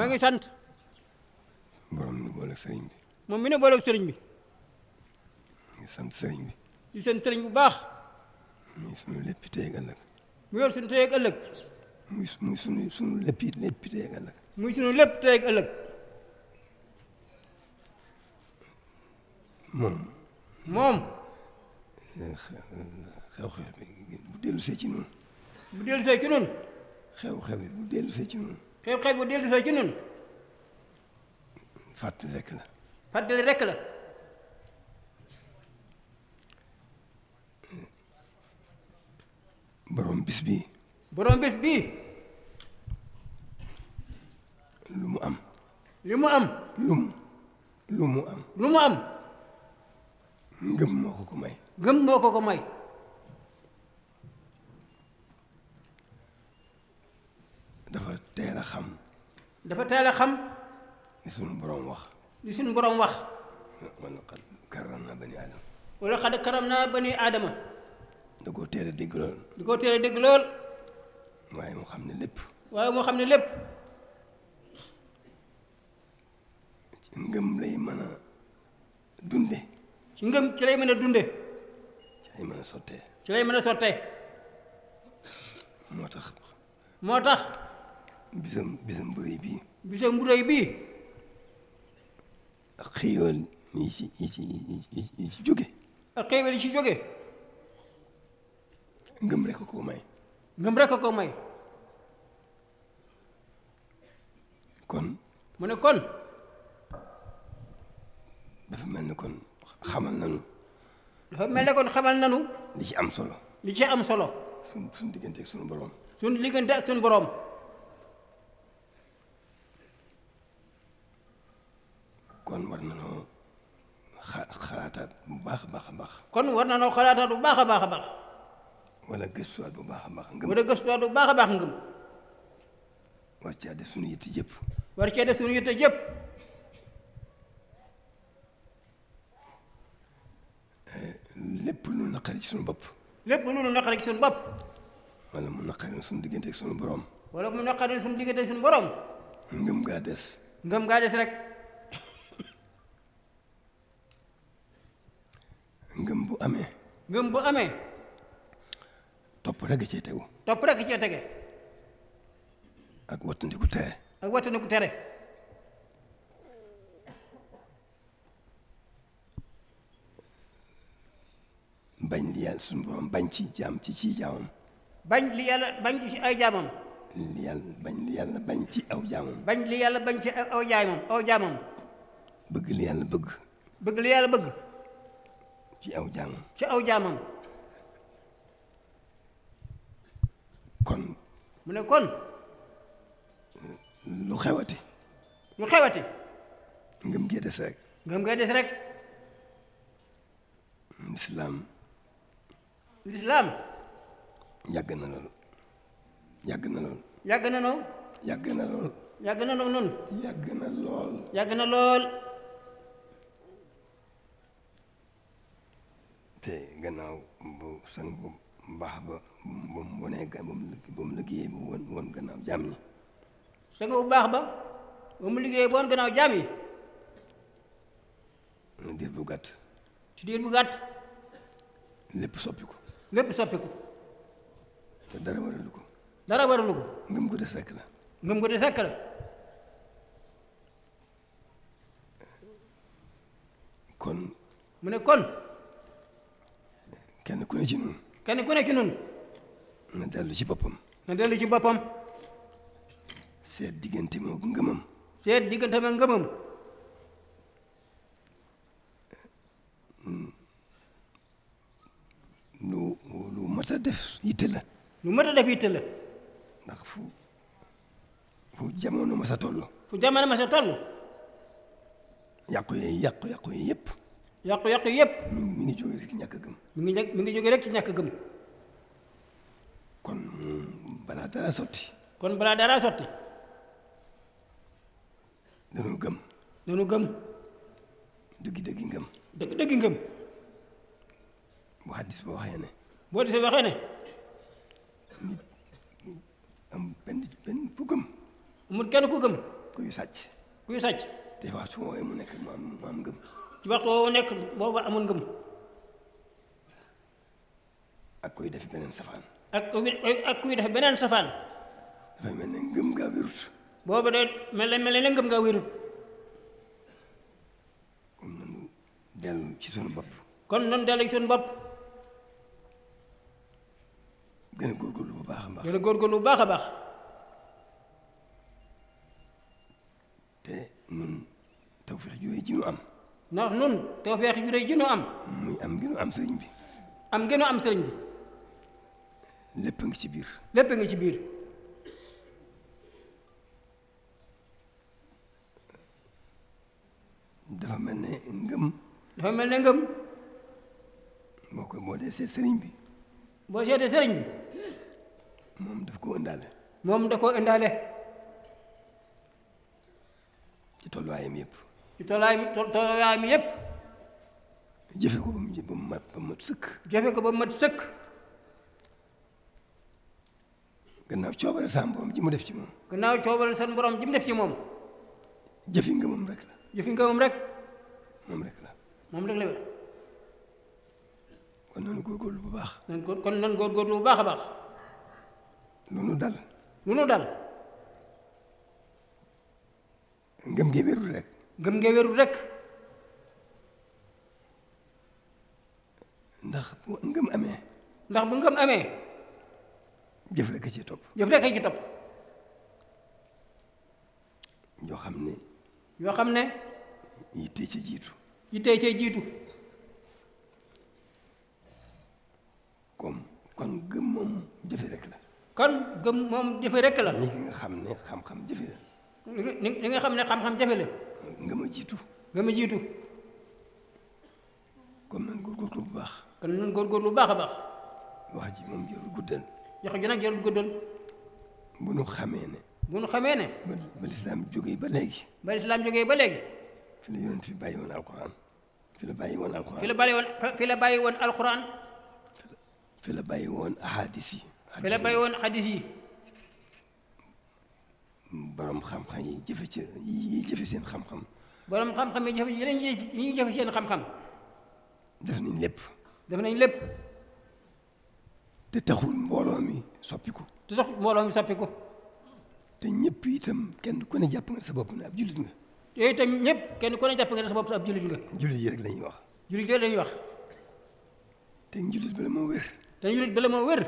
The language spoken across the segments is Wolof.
noo ngi sant. borom ñu boole sëriñ bi. moom mi ne boole sëriñ bi. ñu ngi sant sëriñ bi. di sant sëriñ bu baax. muy sunu lépp tey ak mu yor sunu tey ak ëllëg. muy sunu sunu lépp lépp tey ak sunu lépp tey ak ëllëg. moom. moom. xew-xew bi bu dellu see ci noonu. bu dellu see ci noonu. xew-xew bi bu dellu see ci noonu. xew-xew bu dellu soo ci nun fàttali rek la. fàttali rek la. borom bis bii. borom bis bii. lu mu am. li lu mu lu mu am. lu mu am. ngëm moo ko ko may. ngëm moo ko ko may. dafa teel a xam. li suñu borom wax. li suñu borom wax. wala xad karam naa bani aadama. wala xad karam naa bani aadama. da koo teel a dégg lool. da koo teel a dégg lool. waaye moo xam ne lépp. waaye moo xam ne lépp. ci ngëm lay mën a dunde. ci lay mën a dunde. ci lay mën a sottee. ci lay mën a sottee. moo tax. moo tax. bisam bisam bu rëy bii. bisam bu rëy bii. ak xéewal yi ci yi ci yi ci jóge. ak xéewal yi ci jóge. ngëm rek ko may. ngëm rek ko may. kon. mu ne kon. dafa mel ne kon xamal nanu. dafa mel ni kon xamal nanu. li ci am solo. li ci am solo. sunu sunu diggante sunu borom. sunu diggante ak sunu borom. kon war nanoo xa xalaataat bu baax a baax a baax. kon war noo xalaataat bu baax a baax a baax. wala gëstuwaat bu baax a baax ngëm. wala gëstuwaat bu baax a baax ngëm. war caa def suñu yitte jëpp. war caa def suñu yitte jëpp. Eh, lépp lu naqari ci suñu bopp. lépp lu naqari ci suñu bopp. wala mu naqari su diggante suñu borom. wala mu naqari suñu diggante ak suñu borom. ngëm gaa des. ngëm gaa des rek. ngëm bu amee. ngëm bu amee. topp rek cee tegu. topp rek cee tege. ak wattandiku tere. ak wattandiku tere. bañ li yàlla suñu borom bañ ci jaam ci ci jaamam. bañ li yàlla bañ ci ay jaamam. li yàlla bañ li yàlla bañ ci aw jaamam. bañ li yàlla bañ ci aw jaamam aw jaamam. bëgg ci aw jaamam ci aw jaamam kon mu ne kon lu xewati lu xewati ngëm gee des rek ngëm gee des rek lislaam lislaam yàgg na lool yàgg na lool yàgg na noonu yàgg na lool yàgg na noonu yàgg na lool yàgg na lool te gannaaw bu sang bu baax ba ba mu wanee ba mu liggéey ba woon woon gannaaw sang bu baax ba ba mu liggéey ba woon gannaaw jaam yi bu gàtt ci diir bu gàtt lépp soppiku lépp soppiku te dara waralu ko dara waralu ko ngëm gu de fekk la ngëm kon mu kon kenn ku ne ci nun kenn ku ne nun na dellu ci boppam. na dellu ci boppam. seet diggante moom ngëmam. seet diggante moom ngëmam. lu lu mat a def yitte la. lu mat a def yitte la. ndax fu fu jamono ma sa toll. fu jamono ma sa toll. yàqu yooyu yàqu yàqu yooyu yëpp. yàqu-yàqu yëpp. mi ngi jóge rek ci ñàkk gëm. mi ngi jóge rek ci ñàkk gëm. kon balaa dara sotti. kon balaa dara sotti. dañu gëm. dañu gëm. dëgg-dëgg ngëm. dëgg-dëgg ngëm. bu hadis boo waxee ne. bu hadis boo waxee ne. am benn benn ku gëm. amul kenn ku gëm. kuy sàcc. kuy sàcc. des fois su ma mu nekk mu am mu am ngëm. ci waxtu woowu nekk booba amoon ngëm ak kuy def beneen safaan ak ak kuy def beneen safaan dafay mel ne ngëm ngaa wérut booba day mel mel ne ngëm nga wérut kon nanu dellu ci suñu bopp kon nanu dellu ci suñu bopp gën a góorgóorlu bu baax a baax gën a baax a baax te nun tawfeex ju rëy am ndax nun tawfeex ju rëy ji nu am. muy am gën am sëriñ bi. am gën a am sëriñ bi. lépp nga ci biir. lépp nga ci biir. dafa mel ne ngëm. dafa mel ne ngëm. boo ko boo dee seet sëriñ bi. boo seetee sëriñ bi. moom daf koo indaale. moom da koo indaale. ci tolluwaayam yëpp. ci tolluwaay mi yépp jëfe ko ba mu mat sëkk jëfe ko ba mu mat sëkk gannaaw coobare sa borom ji def ci moom gannaaw coobare sa borom mu def ci moom jëfi ngëmam rek la jëfi ngëmam rek moom rek la moom rek la wér kon noonu góorgóorlu bu baax bu baax a baax lu dal lu dal ngëm gi rek ngëm nga wérul rek ndax bu ngëm amee ndax bu ngëm amee jëf rek ci topp jëf rek ci topp yoo xam ne yoo xam ne yittee ca jiitu yittee ca jiitu comme kon gëm moom jëfe rek la kon gëm moom jëfe rek la ni ki nga xam ne xam-xam jëfe la li nga xam ne xam-xam jëfe la nga ma jiitu. nga ma jiitu. kon nan góorgóorlu bu baax. kon nan góorgóorlu bu baax a baax. wax ji moom jarul guddal. jox ji nag jarul guddal. bu nu xamee ne. bu nu xamee ne. ba ba lislaam jógee ba léegi. ba lislaam jógee ba léegi. fi la yonent fi bàyyi woon alxuraan. fi la bàyyi woon alxuraan. fi borom xam-xam yi jëfe seen xam-xam. borom xam-xam yi jëfe yeneen yi jëfe seen xam-xam. def nañ lépp. def nañ lépp. te taxul mbooloo mi soppiku. te taxul mbooloo mi soppiku. te ñëpp itam kenn ku ne jàpp nga sa bopp ne ab jullit nga. te itam ñëpp kenn ku ne jàpp nga sa bopp ne ab jullit nga. jullit yi rek la ñuy wax. jullit yooyu la ñuy wax. te njullit bala moo wér. te njullit bala moo wér.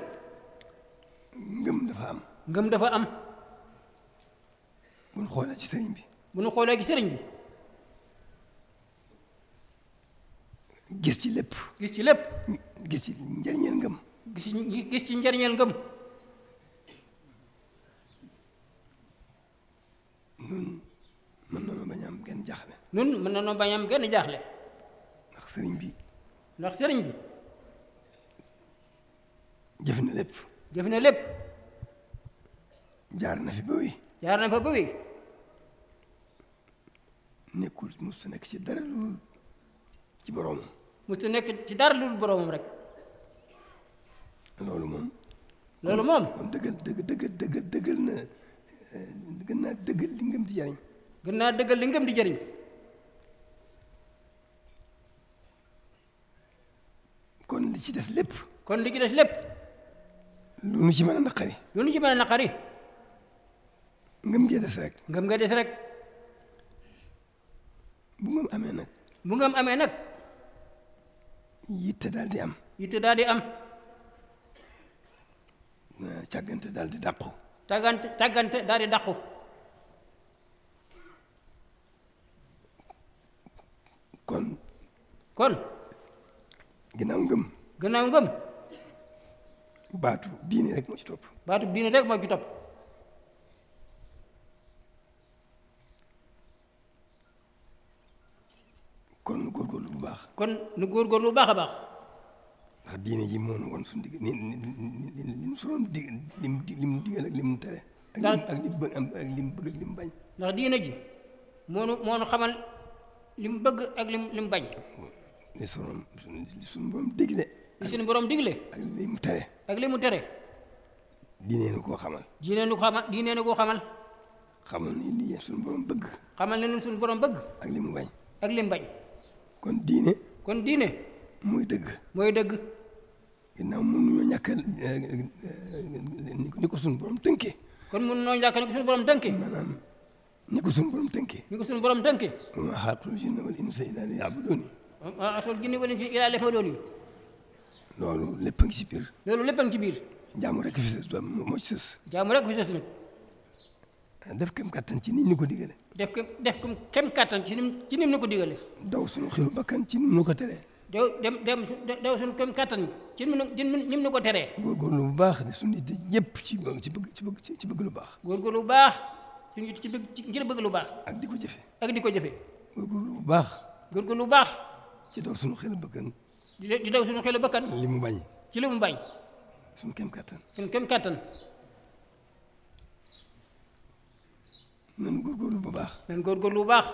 ngëm dafa am. ngëm dafa am. bu nu xoolee ci sëriñ bi. bu nu xoolee ci sëriñ bi. gis ci lépp. gis ci lépp. gis ci njëriñeel ngëm. gis ci gis ci njëriñeel ngëm. nun mën nañoo bañ a am genn jaaxle. nun mën nañoo bañ genn jaaxle. ndax sëriñ bi. ndax sëriñ bi. jëf na lépp. jëf na lépp. jaar na fi ba nekkul musu nekk ci dara lu ci boroomam. musu nekk ci dara lu boroomam rek. loolu moom. loolu moom kon dëggal na eh, gën naa dëggal li ngëm di jariñ. gën naa dëggal li ngëm di jariñ. kon li ci des lépp. kon li ci des lépp. lu nu ci mën a naqari. lu ci mën a naqari. ngëm nga des nga des rek. bu ngëm amee nag. bu ngëm amee nag. yitte daal am. yitte daal am. Eh, càggante daldi di dàqu. càggante càggante daal di dàqu. kon. kon. ginnaaw ngëm. ginnaaw ngëm. baatu diine rek moo ci topp. baatu diine rek moo topp. kon nu góorgóorlu bu baax. kon nu góorgóorlu bu baax a baax. diine ji moo nu woon suñu digg ni ni ni suñu digg lim digal ak lim tere. daal lim bëgg lim bëgg ak lim bañ. ndax diine ji moo nu moo nu xamal bëgg ak lim lim bañ. li borom digle. li suñu borom digle. ak li mu tere. ak li mu tere. diine nu koo xamal. diine nu ko xamal diine koo xamal. xamal ni li suñu borom bëgg. xamal ne suñu borom bëgg. ak li mu bañ. kon diine. kon diine. muy dëgg. mooy dëgg. ginnaaw mënuñoo ñàkk eh, eh, ni ko suñu borom tënkee. kon mënuñoo ñàkk ni ko suñu borom tënkee. maanaam ni ko suñu borom tënkee. ni ko suñu borom tënkee. wa maa xalaqtul jinna wal insa illaa liya'buduun. wa maa xalaqtul jinna wal insa illaa liya'buduun. loolu lépp a ngi ci biir. loolu lépp a ngi ci biir. jaamu rek fi sës moo ci sës. jaamu rek fi sës nag. def kem kàttan ci ni ñu ko digalee. def ko def ko kem kàttan ci nim ci nim nu ko digale daw suñu xiru bakkan ci nu ko teree daw dem dem daw suñu kem kàttan ci nim nim nu ko teree góorgóorlu bu baax di suñu yitte yëpp ci bëgg ci bëgg ci bëgg lu baax góorgóorlu bu baax suñu yitte ci bëgg bëgg lu baax ak di ko jëfe ak di ko jëfe góorgóorlu bu baax góorgóorlu bu baax ci daw suñu xiru bakkan di daw suñu xiru bakkan li mu bañ ci li bañ suñu kem kàttan suñu kem nañu góorgóorlu bu baax. nañu góorgóorlu bu baax.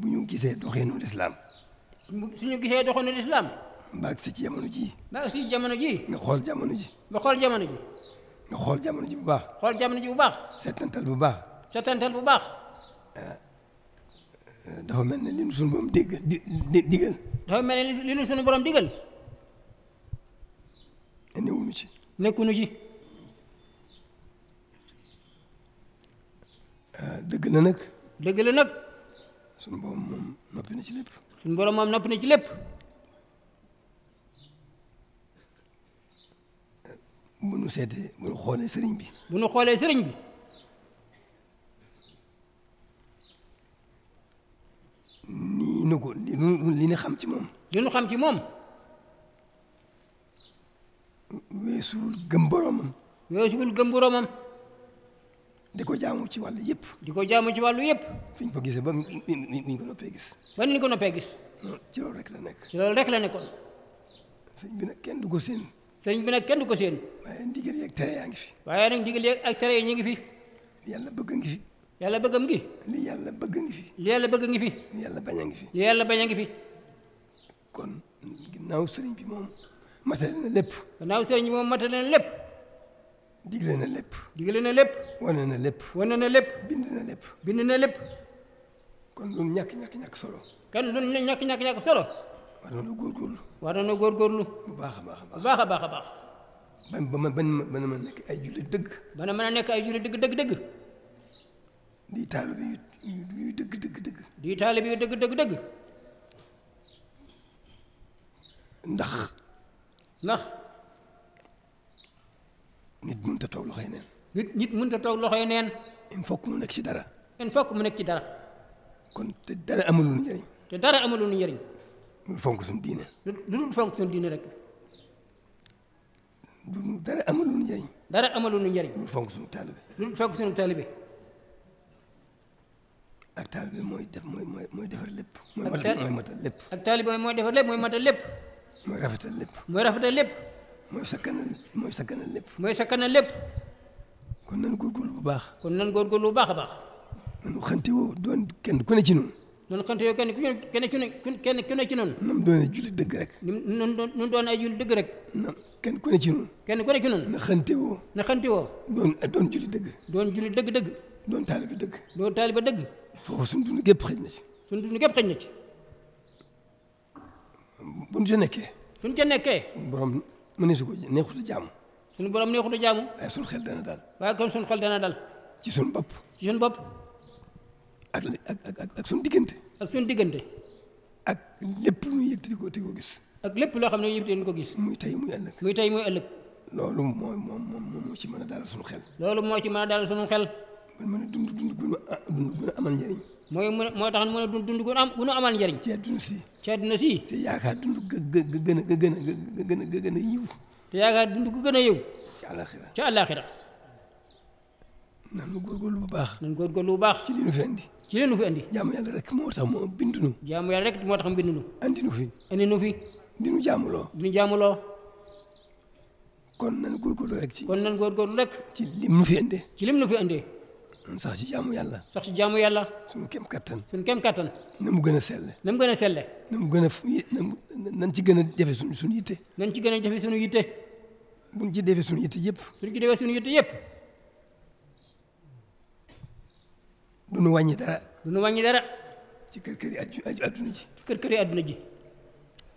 bu ñu gisee doxeenu lislaam. suñu gisee doxeenu lislaam. ba agsi ci jamono jii. ba agsi ci jamono jii. nga xool jamono ji. nga xool jamono ji. nga xool jamono ji bu baax. xool jamono ji bu baax. setantal bu baax. setantal bu baax. Eh, eh, dafa mel ne li nu suñu borom dégg di di digal. dafa mel ne li nu suñu borom digal. newuñu ci. nekkuñu ci. la nag. dëgg la nag. suñu borom moom noppi na ci lépp. suñu borom moom noppi na ci lépp. bu nu seetee bu sëriñ bi. bu nu xoolee sëriñ bi. nii nu ko li nu li xam ci moom. li nu xam ci moom. weesuwul gëm boromam. weesuwul gëm boromam. di ko jaamu ci wàllu yëpp. di ko jaamu ci wàllu yëpp. fi ñu ko gisee ba mi ñu ko noppee gis. ba ni ko noppee gis. ci loolu rek la nekk. ci loolu rek la nekkoon. sëñ bi kenn du ko séen. sëñ bi nag kenn du ko séen. tere yaa fi. waaye nag ndigal ak tere yi ñu ngi fi. yàlla bëgg ngi fi. yàlla bëggam ngi. li bëgg ngi fi. a ngi fi. li bañ ngi fi. kon ginnaaw sëriñ bi moom matale na lépp. ginnaaw sëriñ bi moom matale na lépp. digle na lépp. lépp. wane na lépp. wane na lépp. bind na lépp. bind na lépp. kon lu ñàkk ñàkk ñàkk solo. kon lu ñàkk ñàkk ñàkk solo. war nañoo góorgóorlu. war nañoo góorgóorlu. bu baax a baax a baax bu baax a baax a baax. ban ba ma ban ma mën a nekk ay jullit dëgg. bana mën a nekk ay jullit dëgg dëgg dëgg. di taalibe yu dëgg dëgg dëgg. di taalibe yu dëgg dëgg dëgg. ndax. ndax. nit mënut a toog loxoy neen. nit nit mënut a toog loxo yi neen. il faut mu nekk ci dara. il faut mu nekk ci dara. kon te dara amul lu njëriñ. te dara amul lu njëriñ. lu fonk suñu diine. fonk suñu diine rek. lu dara amul lu njëriñ. dara amul lu njëriñ. lu fonk suñu taalibe. lu fonk suñu taalibe. ak mooy def mooy mooy mooy defar lépp. lépp. ak taalibe mooy defar lépp mooy matal lépp. mooy rafetal lépp. mooy rafetal lépp. lépp. kon nan góorgóorlu bu baax. kon nan góorgóorlu bu baax a baax. nanu xante woo doon kenn ku ne ci noonu. nanu xante woo kenn ku ne kenn ku ne ci noonu. nam doon ay jullit dëgg rek. nun nun doon ay jullit dëgg rek. nam kenn ku ne ci noonu. kenn ku ne ci noonu. na xante woo. na xante woo. doon doon jullit dëgg. doon jullit dëgg dëgg. doon taaliba dëgg. doon taaliba dëgg. foofu suñu gépp xëj na ci. suñu dund gépp xëj na ci. buñ ca nekkee. suñ ca nekkee. borom mëneesu ko neexut a jaamu. suñu borom neexut a jaamu. waaye suñu xel dana dal. waaye kon suñu xel dana dal. ci suñu bopp. ci suñu bopp. ak ak diggante. ak suñu diggante. ak lépp lu ñuy yëg gis. ak lépp loo xam ne yëg di ko gis. muy tey muy ëllëg. muy tey muy ëllëg. loolu mooy moom moom moo ci mën a dalal suñu xel. loolu moo ci mën daal dalal suñu xel. mën mën a dund dund ah, amal njëriñ. mooy mën moo tax mën a dund dund gu am gu nu amal njëriñ. ci àdduna si. ci àdduna si. te yaakaar dund gën a a gën a yiw te yaakaar dund gu gën a yëw ca àllaaxira ca àllaaxira nan góorgóorlu bu baax nan góorgóorlu lu baax ci li nu fi indi ci li nu fi indi jaamu rek moo tax mu bind nu jaamu yàlla rek moo tax mu bind nu andi nu andi nu fi di nu jaamuloo di nu kon nan góorgóorlu rek ci kon rek ci lim nu fi indee ci lim nu fi sax ci jaamu yàlla. sax ci jaamu yàlla. suñu kem kattan. suñu kem kattan. na mu gën a selle. na mu gën a selle. na mu gën a nañ ci gën a jafe suñu suñu yitte. nañ ci gën a jafe suñu yitte. buñ ci defee suñu yitte yëpp. suñ ci defee suñu yitte yëpp. du nu wàññi dara. du nu wàññi dara. ci kër kër yi adduna ji. ci kër kër yi adduna ji.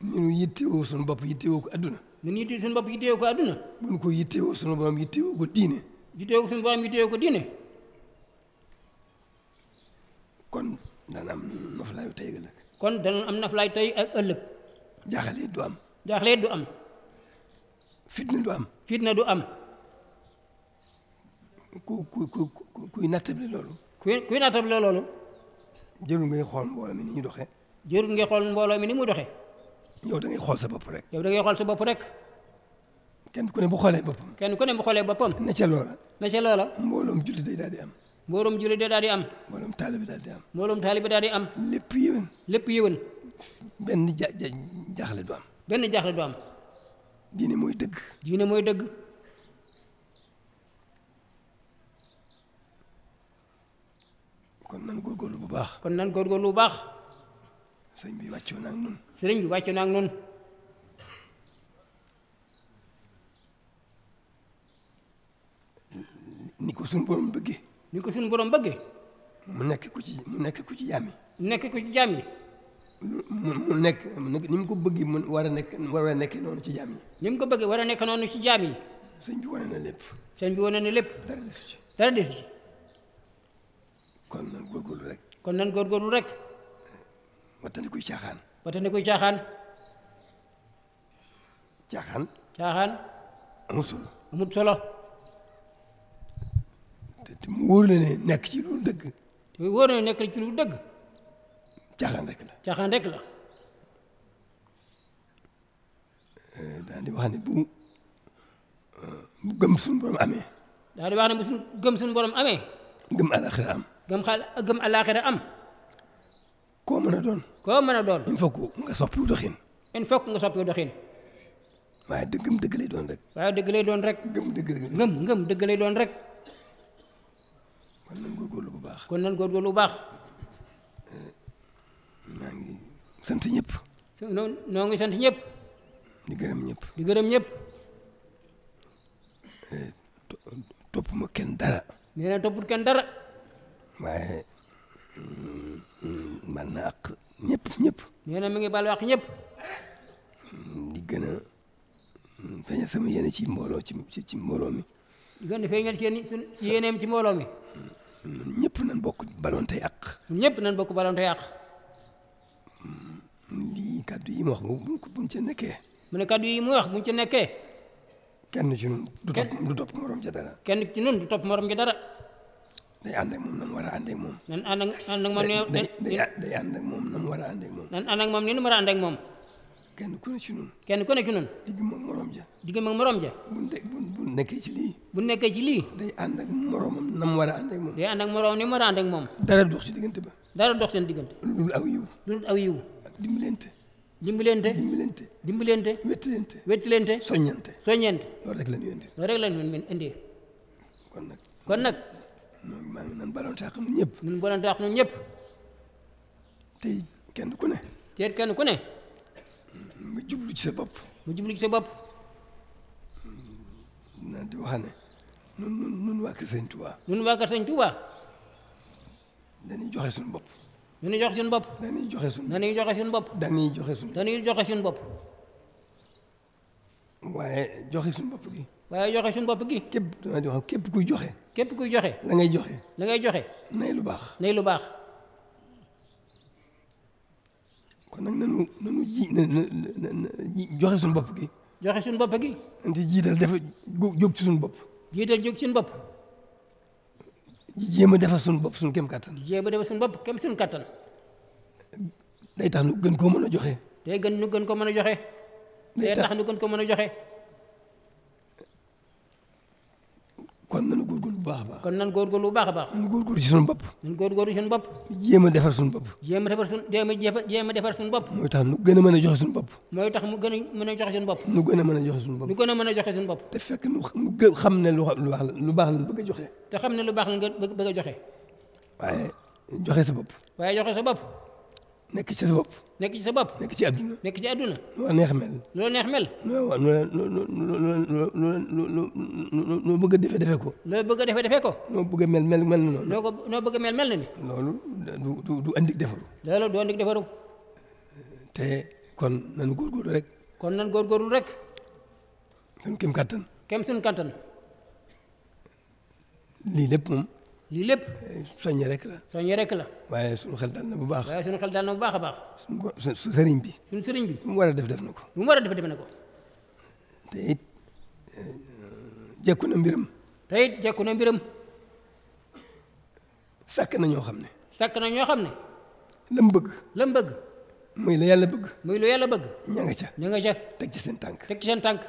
ñun yittewoo suñu bopp yittewoo ko adduna. ñun yittewoo suñu bopp yittewoo ko adduna. buñ ko yittewoo suñu borom yittewoo ko diine. yittewoo suñu borom yittewoo ko diine. kon danañ am na naflaay tey ak ëllëg jaaxle du am jaaxle du am fitna du am du am ku ku ku kuy nattable loolu kuy kuy nattable loolu jërul ngay xool mbooloo mi ni ñu doxee jërul ngay xool mbooloo mi ni mu doxee yow da xool sa bopp rek yow da ngay xool sa bopp rek kenn ku ne bu xoolee boppam kenn ku ne bu xoolee boppam na ca loola na ca loola mbooloom jullit day daal am mbooloom jullit daal di am. mbooloom taalibe daal di am. lépp yéwén. lépp yéwén. benn ja jaaxle du am. benn jaaxle du am. diine mooy dëgg. diine mooy dëgg. kon nan góorgóorlu bu baax. bu baax. sëriñ bi wàccoo na ak noonu. sëriñ bi wàccoo na ak noonu. ni ko sunu borom bëggee. ni ko suñu borom bëggee. mu nekk ku ci mu nekk ku ci jaam yi. nekk ku ci jaam mu nekk ni mu ko bëggee mu war a nekk war nekk noonu ci jaam yi. ko bëggee war a nekk noonu ci jaam yi. sëñ bi wane na lépp. sëñ bi wane na lépp. dara desu dara desu kon nan góorgóorlu rek. kon nan góorgóorlu rek. wattandi kuy caaxaan. wattandi kuy caaxaan. caaxaan. caaxaan. amul te mu nekk ci lu dëgg. te mu wóor la ne nekk ci lu dëgg. caaxaan la caaxaan rek la. Euh, daal di wax ne bu euh, bu gëm suñu borom amee. daal gëm suñu borom amee. gëm alaxira am. gëm xaal am. ko mën doon. koo mën doon. il faut nga soppi wu doxin. il nga soppi wu doxin. waaye dëgg lay doon rek. waaye dëgg lay doon rek. gëm doon rek. kon nan góorgóorlu bu baax. kon nan góorgóorlu bu baax. Eh, maa ngi sant ñëpp. noo noo ngi sant ñëpp. di gërëm ñëpp. di gërëm eh, kenn dara. nee na toppul kenn dara. waaye bal mm, na àq ñëpp ñëpp. nee na mi ngi balu àq ñëpp. di gën a mm, feeñal sama yéene ci mbooloo ci ci mbooloo mi. di gën a feeñal seen ci mbooloo mi. ñun ñëpp nañ bokk balonte yàq. ñun ñëpp nañ bokk balonte yàq. Mm, lii kaddu yi mu wax buñ ko buñ ca nekkee. mu ne kaddu yi mu buñ ca nekkee. kenn ci du topp morom ja dara. kenn ci ñun du topp morom ja dara. day ànd ak moom na mu war a ànd ak nan ànd ak ànd na mu war a ànd ak moom. moom ni mu war moom. kenn ku ne ci nun kenn ku ne ci nun digg ma morom ja digg bu ne ci lii bu nekkee ci lii day ànd ak moromam na mu war moom day ànd a ànd ak moom dara dox ci diggante ba dara dox seen diggante lu dul aw yiw lu dul aw yiw ak dimbalante dimbalante dimbalante dimbalante wettilante wettilante soññante soññante loolu rek la ñu indi kon nag kon nag noonu nan balonte ak ñun ñëpp ñun balonte ak ñun ñëpp tey ku ne kenn ku ne mu jublu ci sa bopp. mu jublu ci sa bopp. na di wax ne. nun nun nun waa Kër Sëñ Touba. nun waa Kër Sëñ Touba. dañuy joxe suñu bopp. dañuy joxe suñu bopp. dañuy joxe suñu. dañuy joxe suñu bopp. dañuy joxe suñu. dañuy joxe suñu bopp. waaye joxe suñu bopp gi. waaye joxe suñu bopp gi. képp dama di wax képp kuy joxe. képp kuy joxe. la ngay joxe. la ngay joxe. nay lu baax. nay lu baax. kon nanu nanu ji joxe suñu bopp gi. joxe suñu bopp gi. di jiital dafa jóg ci suñu bopp. jiital jóg ci suñu bopp. jéem a defar suñu bopp suñu kem kattan. jéem a defar suñu bopp kem suñu kattan. day tax nu gën koo mën a joxe. day gën nu gën ko mën a joxe. day tax nu gën koo mën a joxe. kon nañu góorgóorlu bu baax a baax kon nañu góorgóorlu bu baax a baax nañu góorgóorlu ci suñu bopp nañu góorgóorlu ci suñu bopp jéem a defar suñu bopp jéem a defar suñu jéem a jéem a defar suñu bopp mooy tax nu gën a mën a joxe suñu bopp mooy tax mu gën a mën a joxe suñu bopp nu gën a mën a joxe suñu bopp nu gën a mën a joxe suñu bopp te fekk nu gën xam ne lu baax la lu baax la bëgg a joxe te xam ne lu baax la nga bëgg a joxe waaye joxe sa bopp waaye joxe sa bopp nekk ci sa bopp. nekk ci sa bopp. nekk ci àdduna. nekk ci àdduna. loo neex mel. loo neex mel. waaw loo loo loo loo bëgg a defee defee ko. loo bëgg a defee defee ko. noo bëgg a mel mel mel na noonu. noo ko noo bëgg a mel mel na ni. loolu du du du andik defaru. loolu du andik defaru. te kon nan góorgóorlu rek. kon nan góorgóorlu rek. suñ kem kattan. kem suñ kattan. lii lépp moom. lii lépp. soññe rek la. soññe rek la. waaye suñu xel dal na bu baax. waaye suñu xel dal na bu baax a baax. suñu sëriñ bi. suñu sëriñ bi. mu war a def def na ko. lu mu war a def def na ko. te it eh, jekku na mbiram. te it jekku na mbiram. sàkk na ñoo xam ne. sàkk na ñoo xam ne. la mu bëgg. la mu bëgg. muy lu yàlla bëgg. muy lu yàlla bëgg. ña nga ca. ña nga ca. teg ci seen tànk. seen tànk.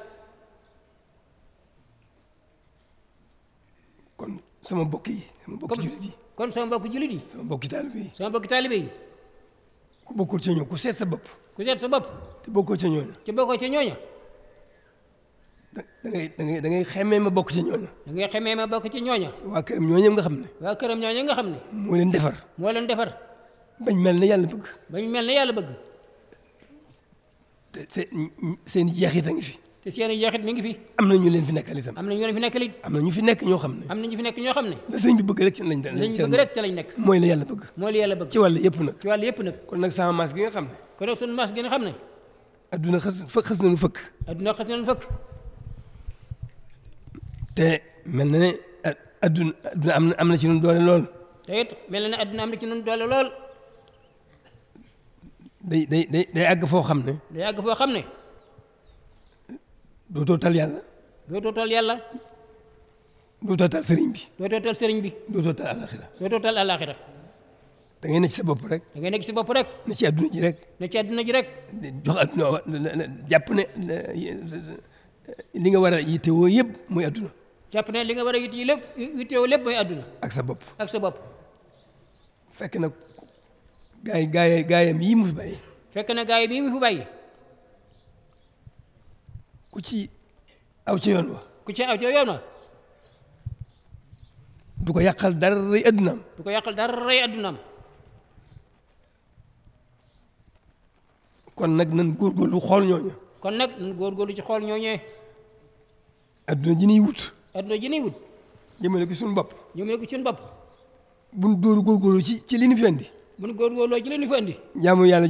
sama mbokk yi sama mbokk jullit yi kon sama mbokk jullit yi sama mbokk taalibe yi mbokk taalibe yi ku bokkul ci ñoo ku set sa bopp ku set sa bopp te bokkoo ci ñooña te bokkoo ci ñooña da ngay da ngay da ngay xemee ma bokk ci ñooña da ngay xemee ma bokk ci ñooña waa këram nga xam ne waa këram ñooña nga xam ne moo leen defar moo defar bañ mel na yàlla bëgg bañ mel na yàlla bëgg te seen seen jeexit ngi fi te seen i jeexit mi ngi fi am na ñu leen fi nekkal itam am na ñu leen fi nekkal it am na ñu fi nekk ñoo xam ne am na ñu fi nekk ñoo xam ne la sëñ bi bëgg rek ci lañ lañ bëgg rek ci lañ nekk mooy la yàlla bëgg mooy la yàlla bëgg ci wàll yëpp nag ci wàll yëpp nag kon nag sama maas gi nga xam ne kon nag sunu maas gi nga xam ne adduna xas xas nañu fëkk adduna xas nañu fëkk te mel na ne adduna adduna am na am na ci ñun doole lool te it mel na ne adduna am na ci ñun doole lool day day day day àgg foo xam ne day àgg foo xam ne dootoo tal yàlla. dootoo tal yàlla. dootoo tal bi. dootoo tal sëriñ bi. dootoo tal alaxira. dootoo tal alaxira. da ngay nekk ci sa bopp rek. da ngay nekk ci bopp rek. ne adduna ji rek. ne ci adduna ji rek. jox adduna jàpp ne li nga war a yittewoo yëpp mooy adduna. jàpp ne li nga war a yitte lépp yittewoo lépp mooy adduna. ak sa bopp ak sa bopp. fekk na gaay gaay gaayam yii mu fi bàyyi. fekk na gaay bii mu fi bàyyi. ku ci aw ci yoon wa ku ci aw ci yoon wa du ko yàqal dara yi addunaam du ko yàqal dara yi kon nag nan góorgóorlu xool ñooñu kon nag nan góorgóorlu ci xool ñooñee adduna ji niy wut adduna ji niy wut jëmale ko suñu bopp jëmale ko suñu bopp buñ dóoru góorgóorlu ci ci li ñu fi andi buñ góorgóorloo ci li ñu fi andi jaamu yàlla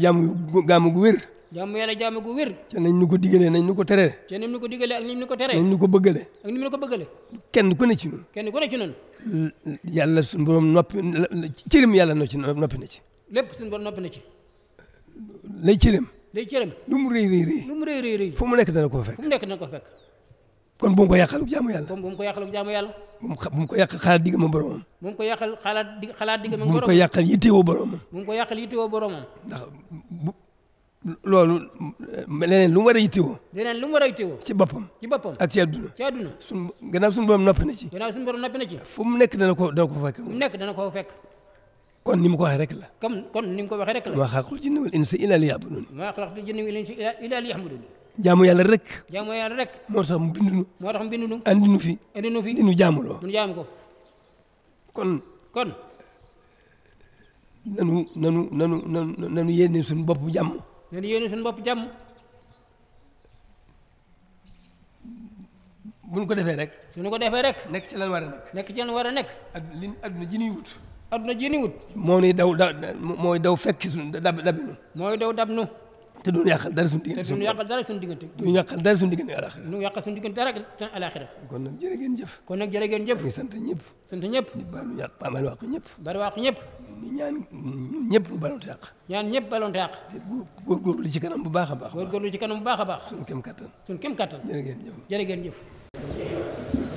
jàmm yàlla jàmm gu wér ca nañ nu ko digalee nañ nu ko teree ca nañ nu ko digalee ak ni ñu ko teree nañ nu ko bëggalee ak ni mu ko bëggalee kenn ku ne ci ñun kenn ku ne ci ñun yàlla suñu borom noppi cërim yàlla no ci noppi na ci lépp suñu borom noppi na ci lay cërim lay cërim lu mu rëy rëy rëy lu mu rëy rëy rëy fu mu nekk dana ko fekk fu mu nekk dana ko fekk kon bu mu ko yàqal ak jaamu yàlla kon bu mu ko yàqal ak jaamu yàlla bu mu ko yàqal xalaat digg ma boromam bu mu ko yàqal xalaat digg xalaat digg ma boromam bu mu ko yàqal yittewoo boromam bu mu ko yàqal yittewoo boromam ndax loolu leneen lu mu war a yittewoo. leneen lu mu war a yittewoo. ci boppam. ci boppam ak ci àdduna. ci àdduna suñ gannaaw suñu borom noppi na ci. gannaaw suñu borom noppi na ci. fu mu nekk dana ko dana ko fekk. fu mu nekk dana ko fekk. kon ni mu ko waxee rek la. comme kon ni mu ko waxee rek la. maa xalaqtul jinna wal insa illaa liya'buduun. maa xalaqtul jinna wal insa illaa liya'buduun. jaamu yàlla rek. jaamu yàlla rek. moo tax mu bindu nu. moo tax mu bindu nu. andi nu fi. andi nu fi di nu jaamuloo. di nu jaamu ko. kon. kon. nanu nanu nanu nanu yéene suñu bopp jàmm nañu yéene suñu bopp jàmm. buñ ko defee rek. suñu ko defee rek. nekk ci lan war a nekk. nekk ci lan war a nekk. ak li adduna ji ñuy wut. adduna ji ñuy wut. moo ni daw da mooy daw fekk suñu dab dab nu. mooy daw dab nu. te duñu yàqal dara suñu diggante te duñu yàqal dara suñu diggante duñu yàqal dara suñu diggante alaxira duñu yàqal suñu diggante dara alaxira kon nag jërë ngeen jëf kon nag jërë ngeen jëf ñu sant ñëpp sant ñëpp di baalu yàq baalu wàq ñëpp baalu wàq ñëpp di ñaan ñëpp ñu baloonte yàq ñaan ñëpp baloonte yàq góorgóorlu ci kanam bu baax a baax góorgóorlu ci kanam bu baax a baax suñu kem kattan suñu kem kattan jërë ngeen jëf jërë ngeen jëf